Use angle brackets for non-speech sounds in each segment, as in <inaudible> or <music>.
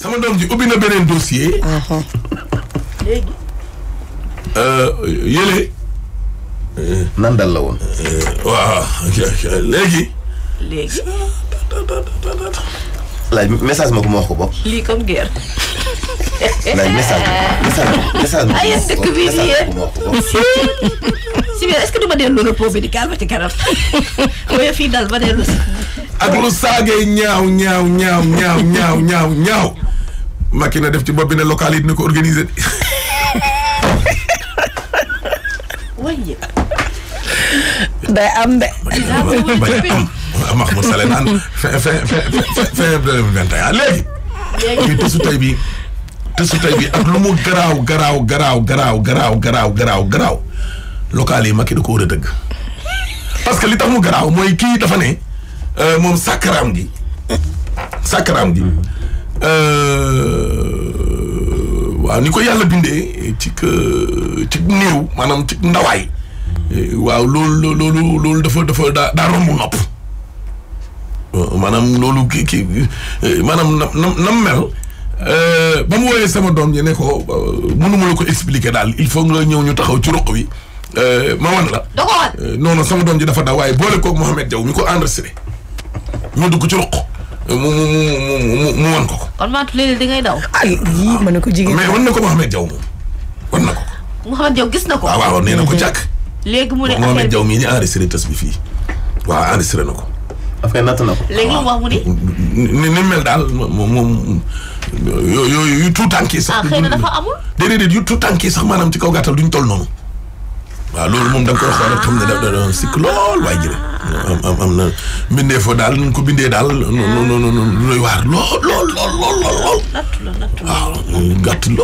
sama doom ji ubbi na beneen dossier. Uh-huh. léegi. Euh, yële. Euh, la woon. Euh, waaw <laughs> léegi. léegi. laaj message ma ko ma bopp. lii comme guerre. laaj message message ma ko ma wax ko si biir est-ce que du ma delloo repos médical ba ci kanam. fii dal ba delloo si. ak lu saagee ñaaw ñaaw ñaaw ñaaw ñaaw na def ci bopp bi ne local yi dina ko organiser. day am de. Mahmoud Saleh naan fin fin fin deux mille vingt et un léegi. léegi tësu bi tësu tey bi ak lu mu garaaw garaaw garaaw garaaw garaaw garaaw garaaw garaaw local yi Macky da ko war a dëgg. parce que li tax mu garaaw mooy kii dafa ne. Euh, moom sàkkaraam gi sàkkaraam gi euh, waaw ni ko yàlla bindee ci ci néew maanaam ci ndawaay waaw loolu loolu loolu dafa dafa daal daa nopp maanaam loolu kii kii maanaam nam nam nam mel euh, ba mu wooyee sama doom ñi ne ko mënu ma la ko expliquer daal il faut nga ñëw ñu taxaw ci ruq wi ma wan la. da ko wan non non sama doom ji dafa daw waaye boole koog Mouhamed Diaw mi ko enregistré. ñu dugg ci ruq. mu mu mu mu wan ko ko. kon maa tudd da ngay daw. ay ah, yii mën na ko jigéen mais wan na ko Mouhamed Diaw moom wan na ko. Mouhamed Diaw gis na ko. waaw ah, waaw nee na ko jàkk. léegi mu ne affaire bi Mouhamed Diaw mii ñu enregistré tas bi fii waaw enregistré na ko. affaire natt na ko. léegi lu mu wax mu ni. ni ni mel daal moom moom yooyu yu tuut tànk yi sax. ah xëy na dafa amul. déedéet yu tuut tànk yi sax maanaam ci kaw gàttal duñ toll noonu. waaw loolu moom da nga koy xool rek xam ne da doon sikk lool waaye jërëjëf. am am am na mbindee fa daal nu ko bindee daal. non non non lool lool lool lool lool. gàtt ah,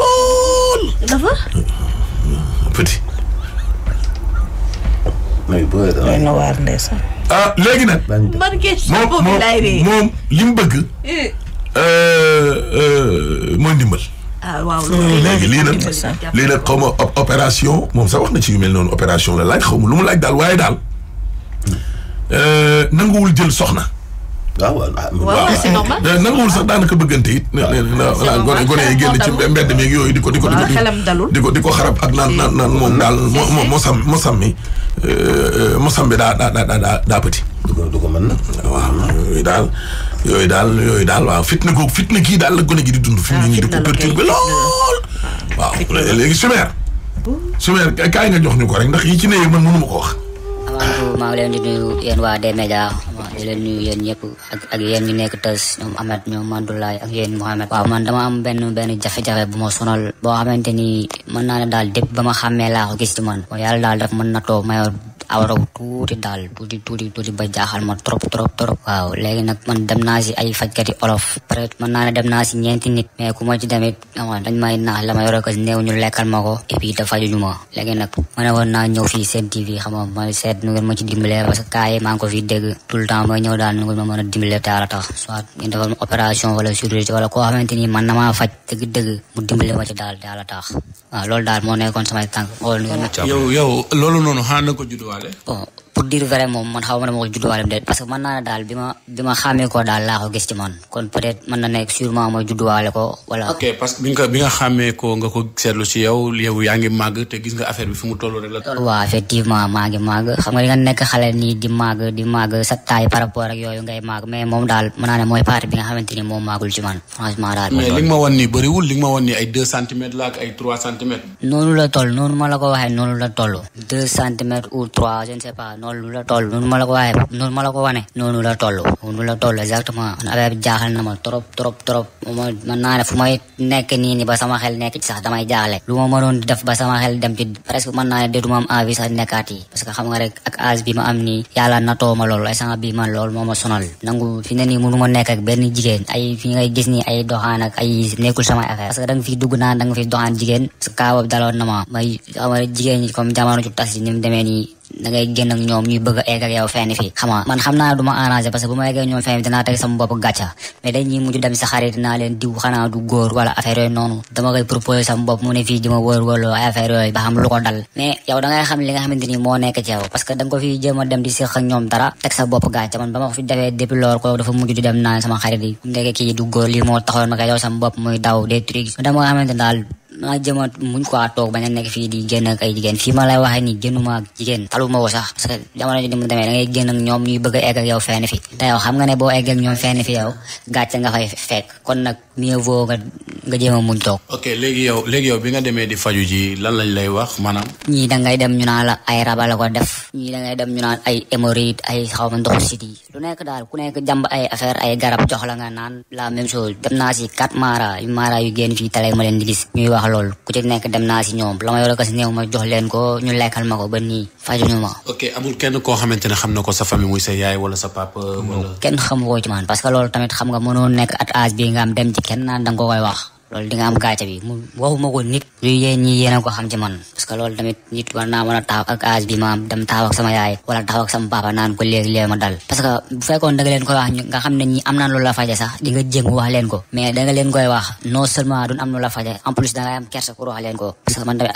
moom moom li mu bëgg. Eh. Euh, euh, mooy ndimbal. ah waaw lii nag lii nag xaw ma opération moom sax na ci yu mel noonu opération la laaj xaw ma lu mu laaj daal waaye daal. Euh, nanguwul jël soxna. Ah, ah, waaw waaw c'est normal euh, nanguwul sax daanaka bëggante it. Ah, voilà gone gone yi génn ci mbedd mi yooyu di ko di di ko di ko xarab ak naan naan naan moom daal moo moo sam moo euh, daa daa daa daa petit. du ko du ko waaw yooyu daal yooyu daal yooyu daal waaw fitna googu fitna kii daal la gone gi di dund. fi mu ne nii di ko perturbé lool. waaw léegi sumeer. sumeer kaay nga jox ñu ko rek ndax yi ci nee man mënu ko wax. avant tout maa ngi leen di nuyu yéen waa D-Média di leen nuyu yéen ñëpp ak ak yéen ñi nekk tës ñoom Amath ñoom Mandoulaye ak yéen Mohamed waaw man dama am benn benn jafe-jafe bu ma sonal boo xamante ni mën naa ne daal depuis ba ma xam xàmmee laa ko gis ci man yàlla daal daf mën na too mayoon aw raw tuuti daal tuuti tuuti tuuti ba jaaxal ma trop trop trop waaw léegi nag man dem naa si ay fajkati olof peut être naa ne dem naa si ñeenti nit mais ku ma ci demit ama ah la ma kaa yi ko fii dégg tout le temps ma ñëw daal nu ma mën a dimbalee te ala tax soit ngeen defal ma opération wala chirurgie wala koo xamante ni man na maa faj dëgg-dëgg mu dimbale ma ci daal te ala tax waaw loolu daal moo nekkoon samay tànk xool nu ngeen yow yow loolu 嗯。pour dire vrai moom man xaw ma ne ma ko judduwaale parce que mën naa ne daal bi ma xàmmee ko daal laa ko gis ci man kon peut être mën naa ne mooy partie bi nga xamante moom màggul ci man franchement daal. mais li ma wan nii bëriwul li ma wan nii ay deux centimètres la ay trois centimètres. noonu la toll noonu ma la ko waxee noonu la toll deux centimètres ou trois je ne నోళ్ళు టోళ్ళు నునుమలకువా నునుమలకువా నోనుల టోళ్ళు నునుల టోళ్ళు exactement abay jaaxal na ma trop trop trop man naa a fu may nekk nii ni ba sama xel nekk ci lu ma ma am nangu fi ne nii ma nekk ak jigéen ay gis nii ay doxaan ay nekkul sama affaire parce que fi dugg naan da fi doxaan jigéen parce que daloon na ma may jigéen ñi comme jamono ju tas yi nii da ngay génn ak ñoom ñuy bëgg a egg ak yow fenn fii man xam naa du ma si xarit naa fi jéem dem di séq ak ñoom dara teg sa bopp gàcca man ba ma fi defee depuis ko dafa mujj di dem naan sama xarit yi ndeke kii du góor lii moo taxoon ma koy yow sama muy daw des trucs dama xamante daal na jëma muñ ko toog ba nek fi di génn ak ay jigéen fi ma lay waxe ni génnuma ak jigéen taluma ko sax parce que jamono ni mu demé da ngay génn ak ñom ñuy bëgg ég ak yow fenn fi da yow xam nga né bo ég ak ñom fenn fi yow gàcce nga fay fek kon nak mieux vo nga nga jema muñ tok ok légui yow légui yow bi nga démé di faju ji lan lañ lay wax manam ñi da ngay dem ñu naan la ay raba la ko def ñi da ngay dem ñu naan ay hémorroïde ay xawma ma ndox siti lu nek dal ku nek jàmb ay affaire ay garab jox la nga naan la même chose dem na ci quatre mara yu mara yu génn fi tale ma len di gis ñuy wax wax loolu ku ci nekk dem naa si ñoom la ma yore ko si ma jox leen ko ñu lekkal ma ko ba nii fajuñu ma. amul kenn koo xamante ne xam na ko sa famille muy sa yaay wala sa papa. kenn xamu ko ci man parce que loolu tamit xam nga mënoo nekk at âge bi nga am dem ci kenn naan da ko koy wax. loolu a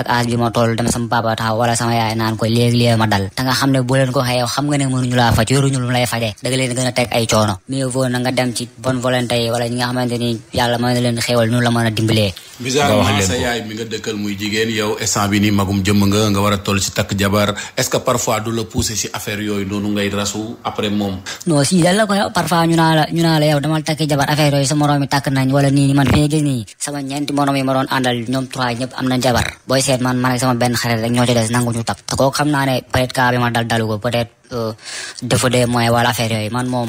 a dama sama papa taxaw wala sama yaay naan ko léegi léegi ma dal te nga xam ne boo ko xam nga ne mënuñu laa faj yoruñu lu lay faje da leen gën a teg ay coono mieux vaut na dem ci bonne volonté yi ñi nga xamante ni yàlla may na leen xéewal ñu la mën mën a dimbalee. bizarrement sa yaay mi nga dëkkal muy jigéen yow instant nii magum jëmm nga nga war a toll si takk jabar est-ce que parfois du la pousser si affaire yooyu noonu ngay rasu après moom. non si dal la ko parfois ñu naa la ñu naa la yow damal takk jabar affaire yooyu sa moroom takk nañ wala nii man fi nga nii sama ñeenti moroom ma doon àndal ñoom trois ñëpp am na jabar booy seet man man ak sama benn xarit rek ñoo ci des nangu ñu takk te ko dafa de moy wala affaire yooyu man mom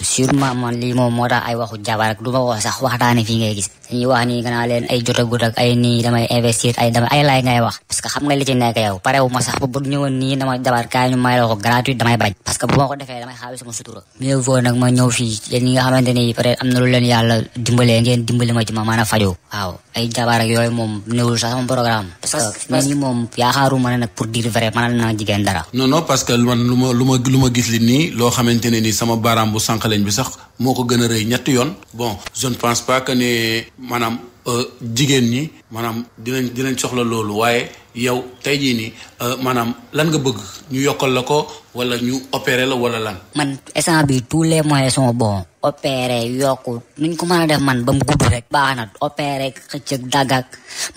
sûrement man li mom moo ay waxu jabar ak duma wax sax waxtaane fi ngay gis dañuy wax ni gëna leen ay jotta gut ak ay nii damay investir ay dama ay lay ngay wax parce que xam nga li ci nekk yow paré wu ma sax bu ñëwoon ni dama jabar kay ñu may la ko gratuit damay bañ parce que bu ma ko dama damay sama sutura mieux vaut nak ma ñëw fi yéen ñi nga xamanteni paré amna lu leen yalla dimbalé ngeen dimbalé ma ci ma mana fajo waaw ay jabar ak yoy mom neewul sax sama programme parce que man mom ya xaru ne nak pour dire vrai man na jigen dara non non parce que man lu ma lu ma lu ma gis li nii loo xamante ne ni sama baaraam bu sànqaleñ bi sax moo ko gën a rëy ñetti yoon bon je ne pense pas que ne maanaam euh, jigéen ñi maanaam dinañ dinañ soxla loolu waaye yow tey jii nii euh, maanaam lan nga bëgg ñu yokkal la ko wala ñu opérer la wala lan. man instant bi tous les moyens sont bons. opéré yoku nuñ ko mëna def man bam guddu rek baana opéré xëcëk dagak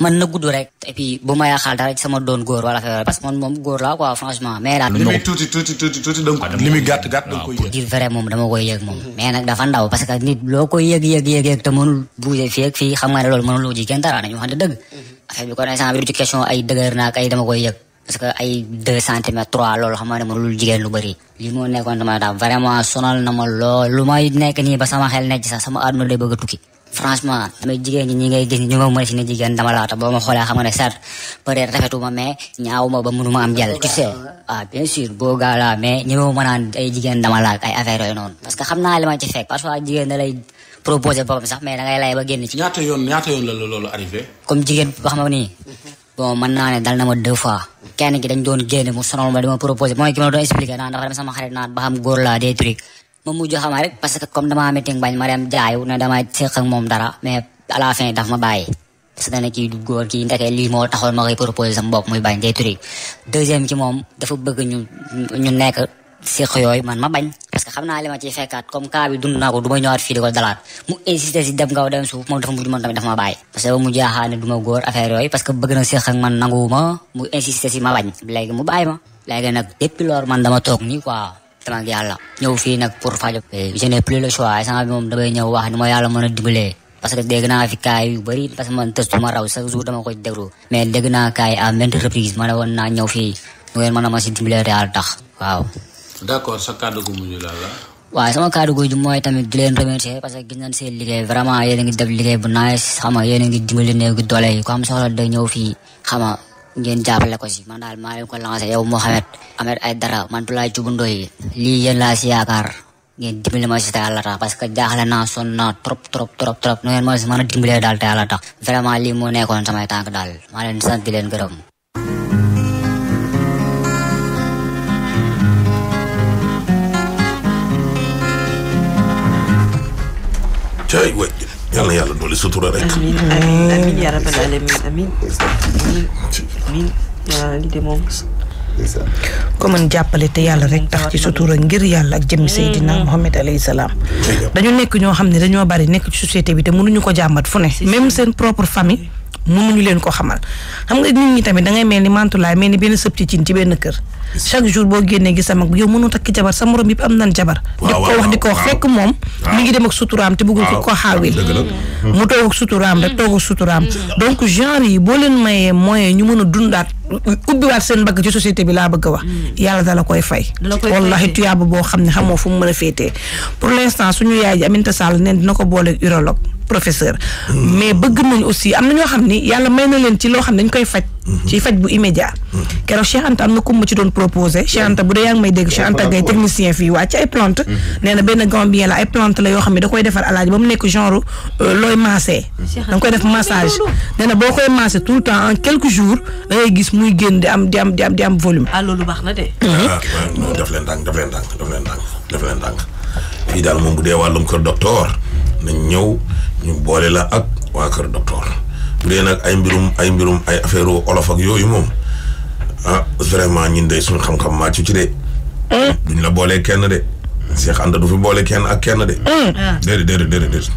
man na guddu rek et puis bu ma yaxal dara ci sama doon goor wala fa parce que man mom goor la quoi franchement mais la limi tuti tuti tuti tuti dang ko limi gatt gatt dang ko yeg dire vrai mom dama koy yeg mom mais nak dafa ndaw parce que nit lo koy yeg yeg yeg te mënu bougé fi ak fi xam nga lool mënu lo ji kën dara dañu xande deug affaire bi ko na sama bi ci question ay deuguer nak ay dama koy yeg parce que ay deux centimètres trois loolu xam nga ne mënul jigéen lu bëri li moo nekkoon dama daal vraiment sonal na ma lool may nekk nii ba sama xel nekk sax sama àdduna day bëgg a franchement damay ma jigéen dama laak ah, ay affaire noonu parce que xam naa li ci fekk parfois jigéen da lay proposé boppam sax mais da lay ba génn ci ñaata yoon la loolu arrivé comme jigéen boo xam bon mën naa ne dal na ma deux kenn ki dañ doon génn mu sonal ma di ma proposé mooy ki ma doon expliqué naan dafa dem sama xarit naan ba xam góor laa des trucs ma mujj xamaa rek parce que damaa meeting bañ ma dem jaayu ne damay seq moom dara mais à daf ma bàyyi parce que kii góor kii ndeke lii moom dafa bëgg ñu nekk seq yooyu man ma bañ que naa li ma fekkaat comme cas bi dund naa ko ko dalaat mu insisté si dem kaw dem suuf moom dafa mujj ma bàyyi ma na séq ak man ma bañ léegi mu bàyyi ma léegi nag depuis loolu man dama toog nii quoi dama ni a dimbalee parce que dégg naa fi kaay yu bëri parce que man tëstuma raw chaque jour dama koy déglu mais dégg naa kaay à maintes reprises ma ne woon naa ñëw fii nu ngeen mën a ma si dimbalee yàlla tax waaw d'accord sa kàddu gu mujj la la. waaw sama kàddu gu mujj mooy tamit di leen remercier parce que gis nañ seen liggéey vraiment yéen ngi def liggéey bu nice xam nga yéen a ngi dimbali néew gi doole yi ku jàppale ko si man daal maa leen ko lancé yow Mouhamed Ahmed man Abdoulaye Thioub Ndoye lii laa yaakaar ngeen dimbali que jaaxle naa sonn naa trop trop trop daal te yàlla tax vraiment lii moo daal maa leen sant di leen gërëm cay waay yal na yàlla doole sutura rek. amiin amiin amiin yaa rabbal aalamiin amiin amiin te yàlla rek tax ci sutura ngir yàlla ak jëmmi Seydina mm. Mohamed alayhi salaam. dañu nekk ñoo xam ne dañoo bari nekk ci société bi te mënuñu ko jàmbat fu ne. même seen propre famille. mënuñu leen ko xamal xam nga nit ñi tamit da ngay mel ni mantulaay mel ni benn sëb ci ci benn kër chaque jour boo génnee gis sama yow mënu takk jabar sa morom yëpp am nan jabar di ko wax di ko wax fekk moom mi ngi dem ak suturaam te bëggul ko ko xaawil mm-hmm. mu toog ak suturaam rek toog ak suturaam mm-hmm. Mm-hmm. donc genre yi boo leen mayee moyen ñu mën a dundaat ubbiwaat seen bagg ci société bi laa bëgg wax yàlla da koy fay wallahi tuyaaba boo xam xamoo fu mu mën a pour l'instant suñu yaay ji Aminta Sall neen dina ko urologue professeur. mais bëgg nañ aussi am na ñoo xam ni yàlla may na leen ci loo xam ne dañ koy faj. Mhm. ci faj bu immédiat. Mhm. keroog Cheikh am na ku ma ci doon proposé Cheikh Anta bu dee yaa may dégg Cheikh Anta Gaye technicien fii waa ci ay plante. Mhm. nee benn gambien la ay plante la yoo xam ne da koy defar alaaji ba mu nekk genre euh, looy massé. da koy def massage nee na boo koy massé tout le temps en quelques jours da ngay gis muy génn di am di am di am am volume. ah loolu baax na de. Ah. Ah, ah, def leen ndànk def leen ndànk def leen ndànk nañ ñëw ñu boole la ak waa kër docteur bu nag ay mbirum ay mbirum ay affaire olof yooyu moom ah vraiment ñun de suñu xam-xam màccu ci de. Eh? duñ la boole kenn de. Cheikh Anta du fi boole kenn ak kenn de. Eh? déedéet déedéet déedéet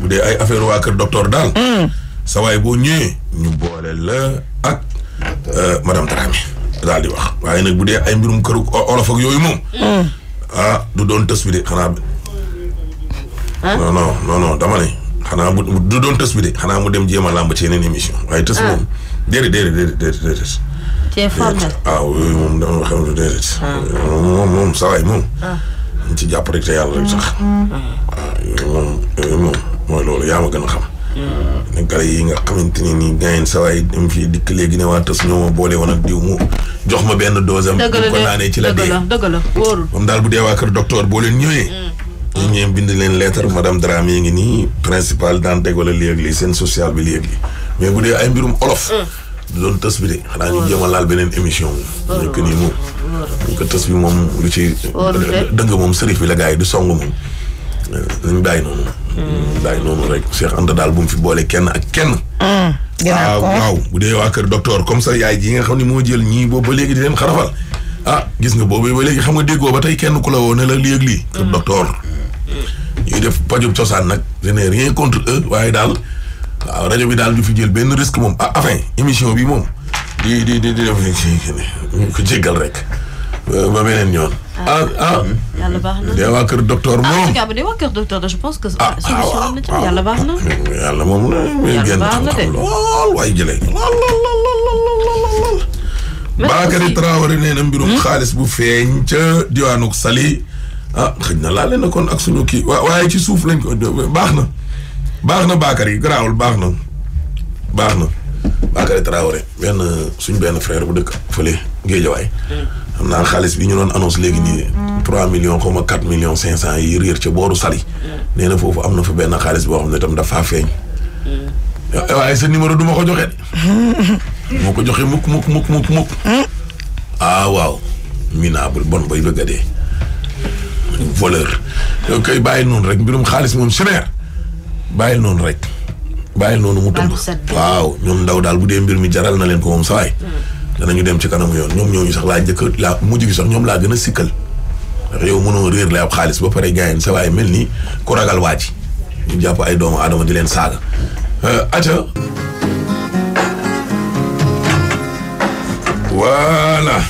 bu dee ay affaire waa kër docteur daal. Eh? sa boo ñëwee ñu boole la ak euh, madame Dramé daal di wax waaye nag bu dee ay mbirum këru olof yooyu moom. ah du doon tës bi de xanaa ah non non bu du doon tës bi de xanaa mu dem jéem a làmb ci yeneen émission a tës moom ah. déedéet déedéet déedéet déedéet c'est formel ah moom dama ah. moom moom sawaay moom jàpp rek te yàlla rek sax waaw moom mooy loolu yaa gën a xam hmm. ne gars nga xamante ni nii gars yi sawaay fii dikk léegi ne waa tës ñoo boole woon ak diw mu jox ma benn dose am ko naanee la dee dëgg la daal bu dee waa kër docteur ñoom ñoom bind leen lettre madame Dramé ngi nii principal daan déggoon la lii ak lii seen social bi lii ak lii mais bu dee ay mbirum olof. loolu mm. doon tës bi de. xanaa ñu jéem a laal beneen émission moom. nekk nii moom. bi moom lu ci. dëgg moom sërif bi la yi di song moom. Euh, nañ mm. bàyyi noonu. rek Cheikh Anta daal bu mu fi boolee kenn ak kenn. waaw mm. ah, waaw bu dee waa kër docteur comme sa yaay ji nga xam ne moo jël ñii boobu ba léegi di leen xarafal ah gis nga boobu ba léegi xam nga déggoo ba tey kenn ku la woo ne la lii ak lii. kër docteur. ñuy def pajub cosaan nag je n'ai rien contre eux waaye daal waaw rajo bi daal du fi jël benn risque moom ah enfin émission bi moom di di di di def ko jéggal rek euh, ba beneen yoon. ah ah, ah. Mm-hmm. yàlla baax na de waa kër docteur ah, moom. en tout cas bu dee waa kër docteur de je pense que. ah waaw ah, waaw yàlla baax na. yàlla moom la. yàlla baax na de lool waaye jëlee. lool lool lool lool. Bakary Traoré nee na mbirum hmm? xaalis bu feeñ ca diwaanu Saly. ah xëy na leen na kon ak suñu kii waaye ci suuf lañ ko baax na baax na Bakary garaawul baax na baax na Bakary Traoré benn suñ benn frère bu dëkk fële Géejawaay am naa xaalis bi ñu doon annonce léegi nii trois millions xaw quatre millions cinq cent yi réer ca booru Saly nee na foofu am na fa benn xaalis boo xam ne tam dafa feeñ eh, waaye sa numéro duma ma ko joxe <laughs> moo ko joxe mukk mukk mukk mukk mukk hmm? ah waaw minable bon bay bëgg a voleur yow koy bàyyi noonu rek mbirum xaalis moom sévère bàyyi noonu rek bàyyi noonu mu tëmb waaw ñoom ndaw daal bu dee mbir mi jaral na leen ko moom sawaay hmm. danañu dem ci kanamu yoon ñoom ñu sax laa njëkk laa mu gi sax ñoom laa gën a sikkal ndax yow mënoo réer la ab xaalis ba pare gaayen sawaay mel ni ku ragal waa ji ñu jàpp ay doomu adama di leen saaga euh, aca voilà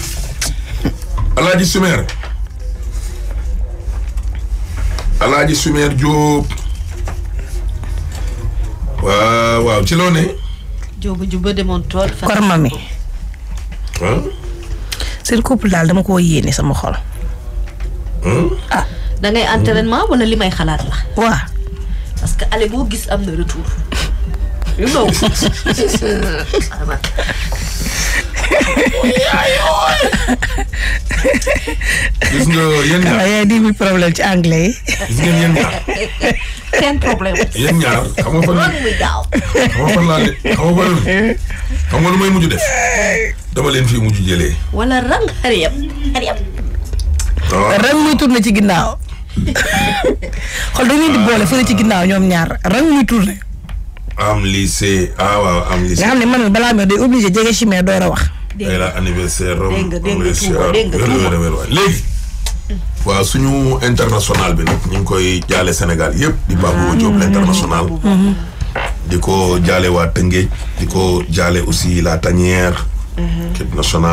alaaji sumeer alaaji Sumeer Jóob waaw waaw ci loo ne. Jóobu demoon tool. korma mi. ah. seen couple daal dama koo yéene sama xol. Hmm? ah. da ngay entraînement wala li may xalaat la. waaw. parce ale boo gis am na retour. <laughs> <laughs> gis nga <laughs> yaa di mi problème ci anglais yi. gis ngeen yéen ñaar. <laughs> seen problème. yéen ñaar xam nga fan. loolu muy daaw. <laughs> xam de xam nga fan xam nga lu may mujj def. dama leen fi mujj jëlee. wala rang xar ah. rang muy tourné ci ginnaaw. xool dañuy di ah. boole fële ci ginnaaw ñoom ñaar rang muy tourné. am lycée ah waaw am lycée. nga xam ne man balaa ma day obligé jege chimère door a wax. Ah, léegi. waaw suñu international bi nag ñu ngi koy jaale Sénégal yëpp. di Babou ah. Diop mm-hmm. l'international. Mm-hmm. di ko jaale waa Tëngéej. di ko jaalee aussi la Tanière. équipe mm-hmm.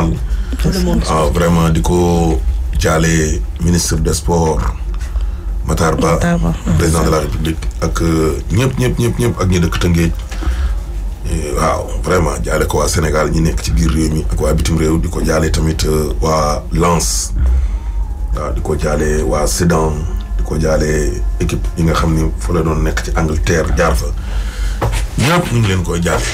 waaw ah, vraiment di ko jaale ministre de sports Matar Ba. Ah. président de la République ak euh, ñëpp ñëpp ñëpp ñëpp ak ñi dëkk Tëngéej. waaw vraiment jaale ko waa Sénégal ñi nekk ci biir réew mi ak waa bitim réew di ko jaale tamit euh, waa Lens. waaw di ko jaale waa Sedan di ko jaale équipe yi nga xam ni fa la doon nekk ci Angleterre jaar fa ñëpp ñu leen koy jaale.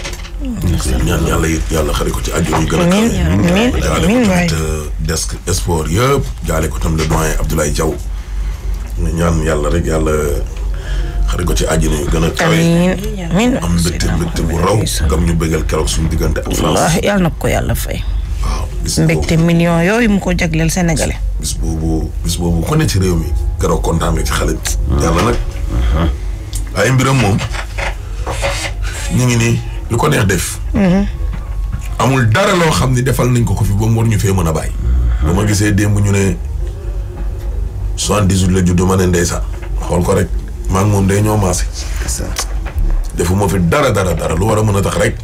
ñaan yàlla it yàlla xare ko ci àjjuma yu gën a kawe jaale ko tamit euh, desk sport yëpp jaale ko tam le doyen Abdoulaye jaw ñaan yàlla rek yàlla xare ko ci àjjuma yu gën a kawe am mbégte mbégte bu raw gam ñu bëggal keroog suñu diggante ak France yàlla na ko yàlla fay mbégte million yooyu mu ko jagleel sénégalais. bis boobu bis boobu ku ne ci réew mi. keroog kontaan nga ci xale bi. yàlla nag. Uh-huh. ay mbiram moom ñu ngi nii lu ko neex def. Uh-huh. amul dara loo xam ni defal nañ ko ko fi ba mu war ñu fee mën a bàyyi. Uh-huh. ba ma gisee démb ñu ne soixante-dix-huit la judd ma ne ndeysaan xool ko rek maa moom day ñoo maase. defu ma fi dara dara dara lu war a mën a tax rek.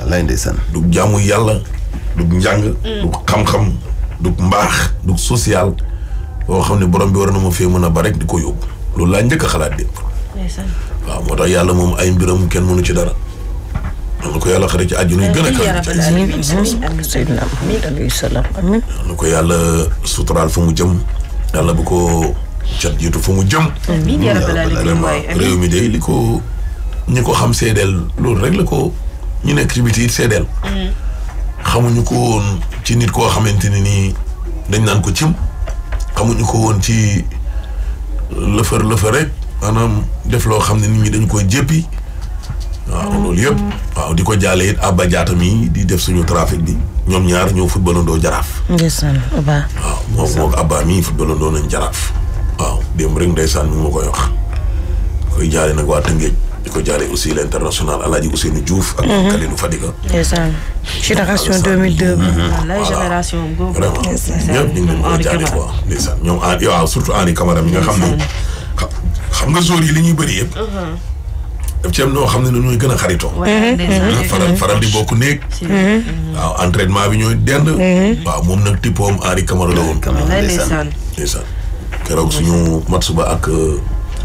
wallaay ndeysaan. du yàlla. du njàng. du xam-xam du mbaax du social. boo xam ne borom bi war na ma fee mën a ba di ko yóbbu loolu laa njëkk xalaat démb. waaw moo tax yàlla moom ay mbiram kenn mënu ci dara. na ko yàlla xare ci àjjana yu a ko yàlla suturaal fa mu jëm. yàlla bu ko cat jiitu fa mu jëm. réew mi de li ko ñi ko xam seedeel loolu rek la ko ñu nekk ci biti xamuñu ko won ci nit ko xamanteni ni dañ nan ko cim xamuñu ko won ci lëfër lëfër rek manam def lo xam nit ñi dañ koy waaw lool yëpp waaw di jale it Abba jaata mi di def suñu trafic bi ñom ñaar ñoo ndo jaraaf. ndeysaan Abba. waaw moom moog Abba football ndo nañ jaraaf. waaw dem rek ndeysaan mi ma wax koy jale nak wa di ko aussi l' international El Hadj Ousseynou Diouf. ak mhm. Kalidou Fadiga. ndeysaan génération 2002. voilà génération boobu. vraiment ñëpp ñu ngi yi li ñuy bëri yëpp. Mhm. daf ci am noo xam ne ñooy gën a xaritoo. Mhm. Ah, faral faral di bokk néeg. waaw entraînement bi ñooy dend. waaw moom nag tippoom Henri Camara la woon. ndeysaan ndeysaan keroog suñu match ba ak. Euh,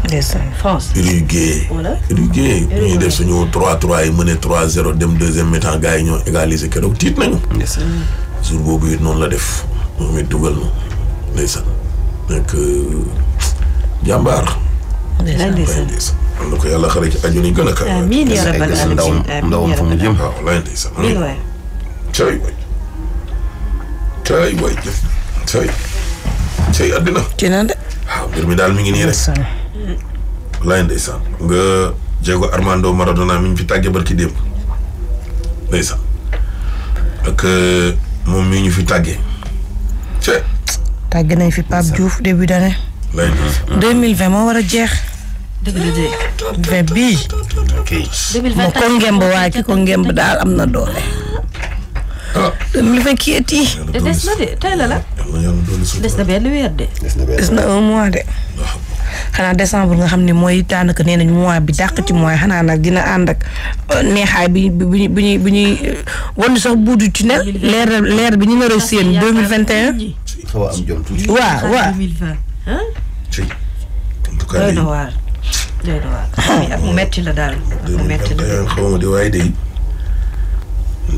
ndeysaan France. Uruguay. wala Uruguay ñuy def suñu 3-3 yi mené trois 0 dem deuxième mi-temps gars yi ñoo égaliser keroog tiit nañu. ndeysaan jour boobu it noonu la def moom it dugal na ndeysaan euh, na ko yàlla xare ci aju ni gën a kaay. amiin yaa rabbal aalamiin ndawam ndawam fa mu jëm. waaw lay ndeysaan. lii waay cay waay cay waay jëf cay cay àddina. ci naan de. waaw mbir mi daal mi ngi nii rek. walaay ndeysaan nga Diego Armando Maradona mi ñu fi tàggee barki démb ndeysaan ak euh, moom mii ñu fi tàggee. c'est. tàgg nañ fi Pape Diouf début d'année. Mm-hmm. mille vingt moo war a jeex. dëgg bi de. vingt ko ngemb waaye ko ngemb daal am na doole. ah. deux mille des de tey la la. des de. des na un mois de. xanaa décembre nga xam ne mooy daanaka nee nañ mois bi dàq ci mois xanaa nag dina ànd ak euh, neexaay bi bi bi ñuy bi ñuy euh, wan sax buddi tunnel leer leer bi ñu nar a deux mille vingt et un. xaw a am jom tuuti. waaw waaw. en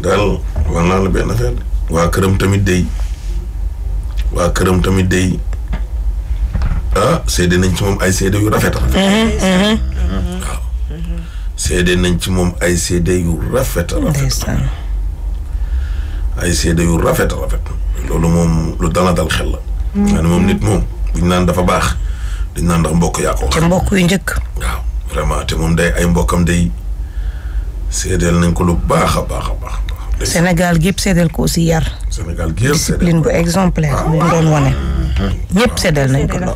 tout daal waa këram tamit day waa këram tamit day ah seede nañ ci moom ay seede yu rafet uhhuh, uhhuh. a nañ ci moom ay seede yu rafet a rafet. ay seede yu loolu moom lu dana dal xel la. maanaam moom nit moom buñ naan dafa baax dañ naan ndax mbokk yaa ko te mbokk yu njëkk. waaw vraiment te moom day ay mbokkam day seedeel nañ ko lu baax a baax a baax. senegal gépp seddal ko aussi yar. Sénégal gépp discipline bu exemplaire bu wane. ñëpp seddal nañ ko lool.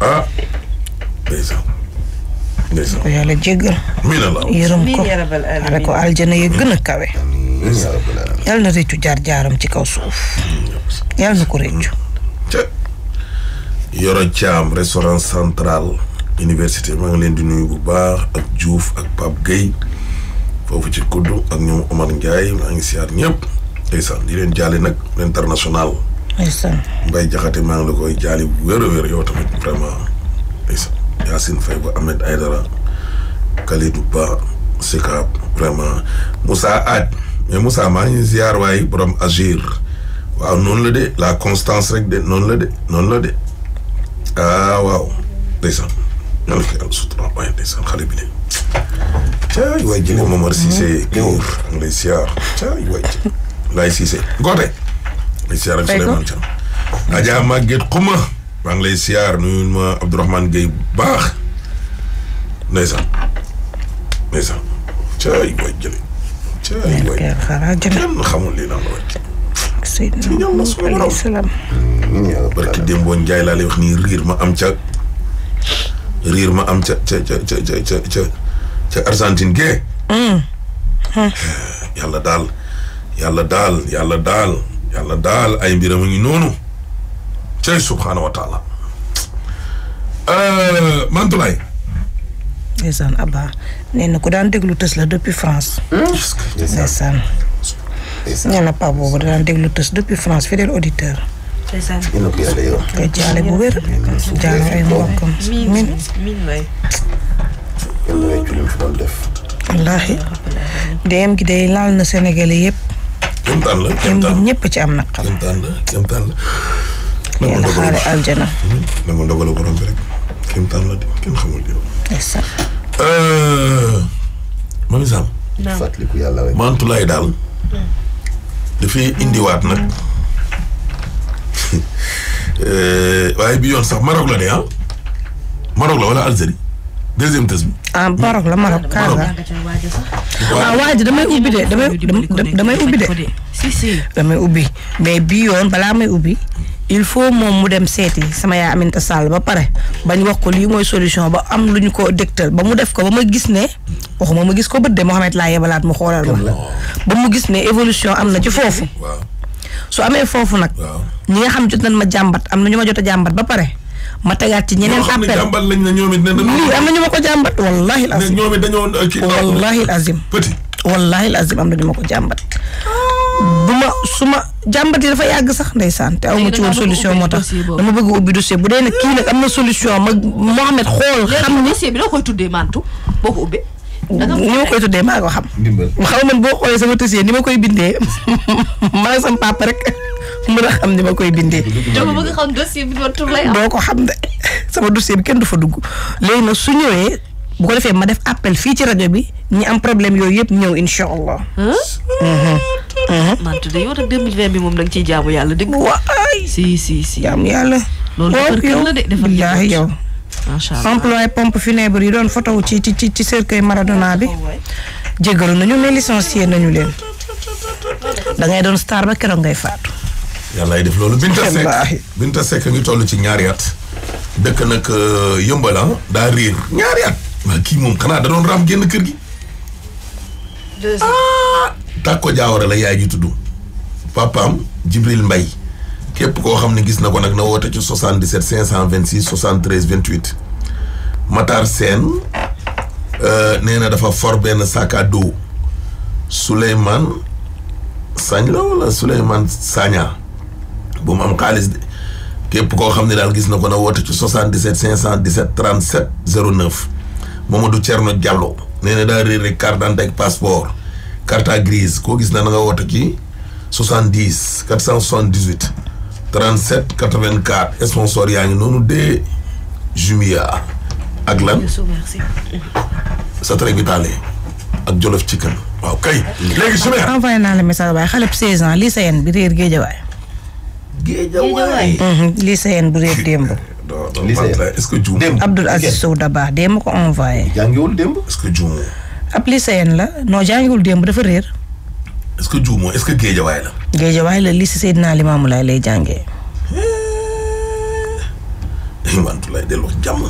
ah ndeysaan gën a kawe yàlla na réccu jaar jaaram ci kaw suuf mm, yàlla na ko réccu yoro caam restaurant central université maa ngi leen di nuyu bu baax ak Diouf ak Pape Gueye foofu ci kuddu ak ñoom Omar Ndiaye maa ngi siyaar ñëpp ndeysaan di leen jaale nag l'international ndeysaan Mbaye Jaxate maa ngi la koy jaale bu wér a wér yow tamit vraiment ndeysaan Yacine Faye ba Ahmed Aydara Kalidou Ba Sikaab vraiment Moussa Aad mais Moussa maa ngi ziar waaye borom Agir waaw noonu la de la constance rek de noonu la de noonu la de ah waaw yàlla fi am sutura waaye ndeysaan xale bi de. caay waay jële Momar Cissé. góor am lay siyaar caay waay jële. Laay Cissé goote. lay siyaar ak Souleymane Thiam. Adja Maguette Xuma. maa ngi lay siyaar nuyu ma Abdourahmane Gueye baax. ndeysaan. ndeysaan caay waay jële. caay waay kenn xamul lii lan la wàcc. Seydina Moussa alayhi salaam. barki Dembo Ndiaye laa lay wax nii riir ma am ca. riir ma am ca ca ca ca ca ca ca Argentine mm. <sighs> daal yàlla daal yàlla daal yàlla daal ay mbiram mu ngi noonu. cey subhaanahu wa taala. Euh, Mantulaay. ndeysaan Abba nee na ku daan déglu tës la depuis France. Hmm? ndeysaan ndeysaan. nee na Pape boobu daan déglu tës depuis France fidèle auditeur. inna ko yàlla yow. koy jaale bu wér. jaale ay mbokkam. min min wallaahi. deem gi day laal na Sénégalais yëpp. kéemtaan ci am naqar. kéemtaan la kéemtaan la. Hmm? Euh, yàlla xaare na ma daal. Hmm. dafay indiwaat nag. Euh, waaye bi yoon sax Maroc la de ah la wala Algérie deuxième test bi. ah Maroc la Maroc Kaar la. waaw damay ubbi de damay ubbi de. damay ubbi mais bi yoon balaa may ubbi. il faut moom mu dem seeti sama yaa Aminta Sall ba pare bañ wax ko lii mooy solution ba am lu ñu ko dégtal ba mu def ko ba ma gis ne waxuma ma gis ko bët de Mouhamed laa yebalaat mu xoolal ma ba mu gis ne évolution am na ci foofu. su amee foofu nag. ñi nga xam jot nañ ma jàmbat am na ñu ma jot a jàmbat ba pare. ma tegaat ci ñeneen appel jàmbat lañ ne ñoom it ne lii am na ñu ma ko jàmbat wallahi alazim ñoom it dañoo kii wallahi alazim petit wallahi alazim am na ñu ma ko jàmbat bu ma su ma jàmbat yi dafa yàgg sax ndeysaan te aw ma ci woon solution moo tax dama bëgg ubbi dossier bu dee nag kii nag am na solution ma Mohamed xool xam ni dossier bi noo koy tuddee mantu boo ko ubbee ni ma koy tuddee maa ko xam. ndimbal boo xoolee sama tësee ni ma koy bindee <laughs> maa sam papa rek <laughs> mën a xam ni ma koy bindee. dama bëgg xam dossier bi ba doo ko xam de <laughs> sama dossier bi kenn du fa dugg léegi na su ñëwee bu ko defee ma def appel fii ci rajo bi ñi am problème yooyu yëpp ñëw incha allah. Mhm. Mhm. man tuddee yow nag 2020 bi moom da nga ciy yàlla dégg nga. si si si jaamu yàlla. de defar macha allah employé pompe funèbre yi doon fotow ci ci ci cercueil Maradona bi jégalu nañu mais licencié nañu leen da ngay doon star ba keroog ngay faatu. yàlla def loolu Binta Seck Binta Seck ngi toll ci ñaari at. dëkk nag euh, yëmbala ah, daa réer ñaari at. kii moom xanaa da doon raam génn kër gi. deux ans. Ah! la yaay ji tudd. papaam Jibril Mbay képp koo xam ne gis na ko nag na woote ci 77 526 73 28 Matar Sène euh, nee na dafa for benn sakado à dos Souleymane Sañ la wala Souleymane Sagna bu mu am xaalis de képp koo xam ne daal gis na ko na woote ci 77 517 37 09 Mamadou Thierno Diallo nee na daa réer rek carte koo gis na na nga woote ci 70 478. 37 84 sponsor yaa ngi noonu de Jumia ak lan. sa très vitale ak Jolof Chicken. waaw kay léegi su envoyé naa la message waaye xale bu 16 ans lycéen bi réer géejawaay. géejawaay. Mhm, lycéen bu réer démb. <laughs> est-ce que juum. Abdoul Aziz Sow Dabakh démb ko envoyé. jàngiwul démb. est-ce que juum. ab lycéen la noo jàngiwul démb dafa réer. est-ce que juumoo est-ce que géejawaay la. géejawaay la lii si Seydina Limaamu Laay lay jàngee. wantu eh, eh, lay delloo jàmm.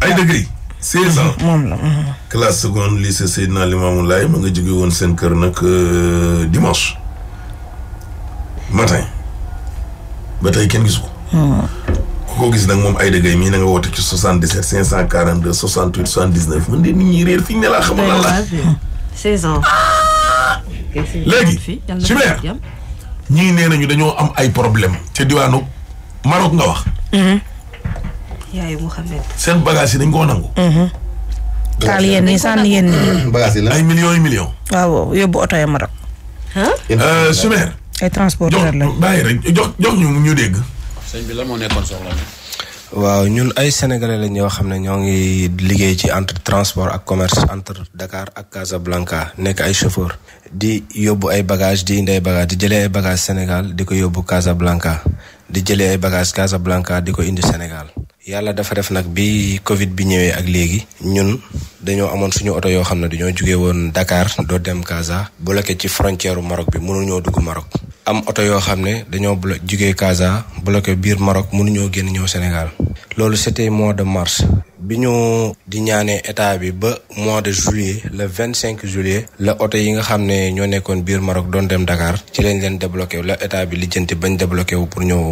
ay dëgg yi. seize ans mm-hmm, moom la. Mm-hmm. classe seconde lycée Seydina Limamou Laye ma nga jóge woon seen kër nag euh, dimanche matin ba tey kenn gisu ko. Mm-hmm. ku ko gis nag moom ay dëgg yi mii na nga woote ci 77 542 68 79 man de nit ñi réer fi ñu ne laa xamul lan la. seize ans. Ah! léegi Chimère ñii nee nañu dañoo am ay problème ca diwaanu Maroc nga wax. Mhm. yaayu Mouhamed. seen bagages yi dañ koo nangu. Mhm. taal yéen nii sànni yéen nii. <clears throat> bagages yi la ay millions yi millions. waaw yóbbu oto ya Maroc. Chimère. Euh, ay transporteur lañ. rek jox jox ñu ñu dégg. sëñ bi la moo nekkoon soxla waaw ñun ay sénégalais lañ ñoo xam ne ñoo ngi liggéey ci entre transport ak commerce entre Dakar ak Casablanca nekk ay chauffeur di yóbbu ay bagages di indi ay bagages di jëlee ay bagages Sénégal di ko yóbbu Casablanca di jëlee ay bagages Casablanca di ko indi Sénégal. yàlla dafa def nag bi Covid bi ñëwee ak léegi ñun dañoo amoon suñu oto yoo xam ne dañoo jugee woon Dakar doo dem Casa bloqué ci frontière Maroc bi mënuñoo dugg Maroc. am oto yoo xam ne dañoo blo jugee Casa bloqué biir Maroc munuñoo génn ñëw Sénégal. loolu c'était mois de mars. bi ñu di ñaanee état bi ba mois de juillet le vingt cinq juillet la oto yi nga xam ne ñoo nekkoon biir Maroc doon dem Dakar ci lañ leen débloqué wu la état bi lijjanti bañ débloqué wu pour ñëw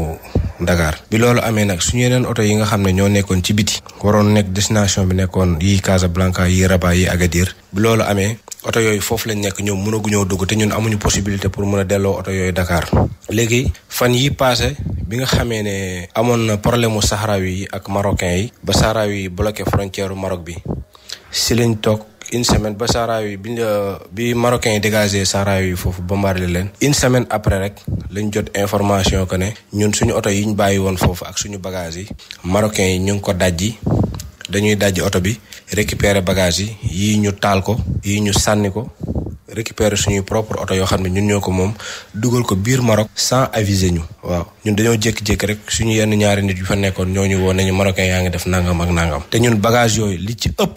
Dakar bi loolu amee nag suñu yeneen oto yi nga xam ne ñoo nekkoon ci biti waroon nekk destination bi nekkoon yi Casablanca yi Rabat yi Agadir bi loolu amee oto yooyu foofu lañ nekk ñoom mënaguñoo dugg te ñun amuñu possibilité pour mën a delloo oto yooyu dakaar léegi fan yi passé bi nga xamee ne amoon na problème mu sahrawi yi ak marocain yi ba sahrawi yi bloqué frontière Maroc bi si lañ toog une semaine ba saaraayu bi bi marocain yi dégagé saaraayu yi foofu bombardé leen une semaine après rek lañ jot information que ne ñun suñu oto yi ñu bàyyi woon foofu ak suñu bagages yi marocain yi ñu ngi ko dajji dañuy dajj oto bi récupérer bagages yi yii ñu taal ko yii ñu sànni ko récupérer suñu propre oto yoo xam ne ñun ñoo ko moom dugal ko biir Maroc sans aviser ñu waaw ñun dañoo jékki-jékki rek suñu yenn ñaari nit yu fa nekkoon ñooñu woon nañu marocain yaa ngi def nangam ak nangam ñun bagage yooyu li ci ëpp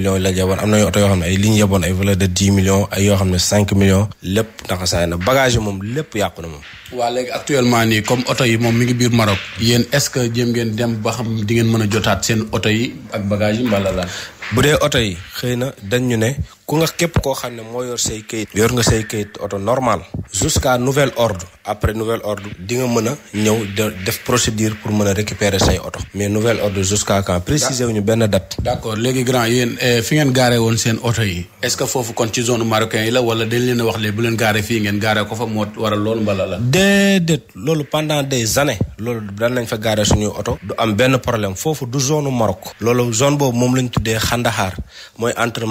millions la yeboon am na oto yoo xam ne ay lignes yeboon ay valeur de millions ay yoo xam ne cinq millions lépp ndax na bagage moom lépp yàqu moom waa léegi actuellement nii comme oto yi moom mi ngi biir Maroc yéen est-ce ngeen dem ba xam di ngeen mën a jotaat seen oto yi ak bagage yi mbala la bu dee oto yi xëy na dañ ne ku nga képp koo xam ne moo yor say kayit yor nga say kayit oto normal jusqu'à nouvel ordre après nouvel ordre di nga mën a ñëw def procédure pour mën a récupérer say oto mais nouvel ordre jusqu'à quand préciser wuñu benn date d'accord léegi grand yéen eh, fi ngeen gaare woon seen oto yi est-ce que foofu kon ci zone marocain yi la wala dañ leen a wax léegi bu leen gaare fii ngeen gaare ko fa moo waral loolu mbala la déedéet loolu pendant des années loolu daan nañ fa gaare suñuy oto du am benn problème foofu du zone Maroc loolu zone boobu moom lañ tuddee xandaxaar mooy entre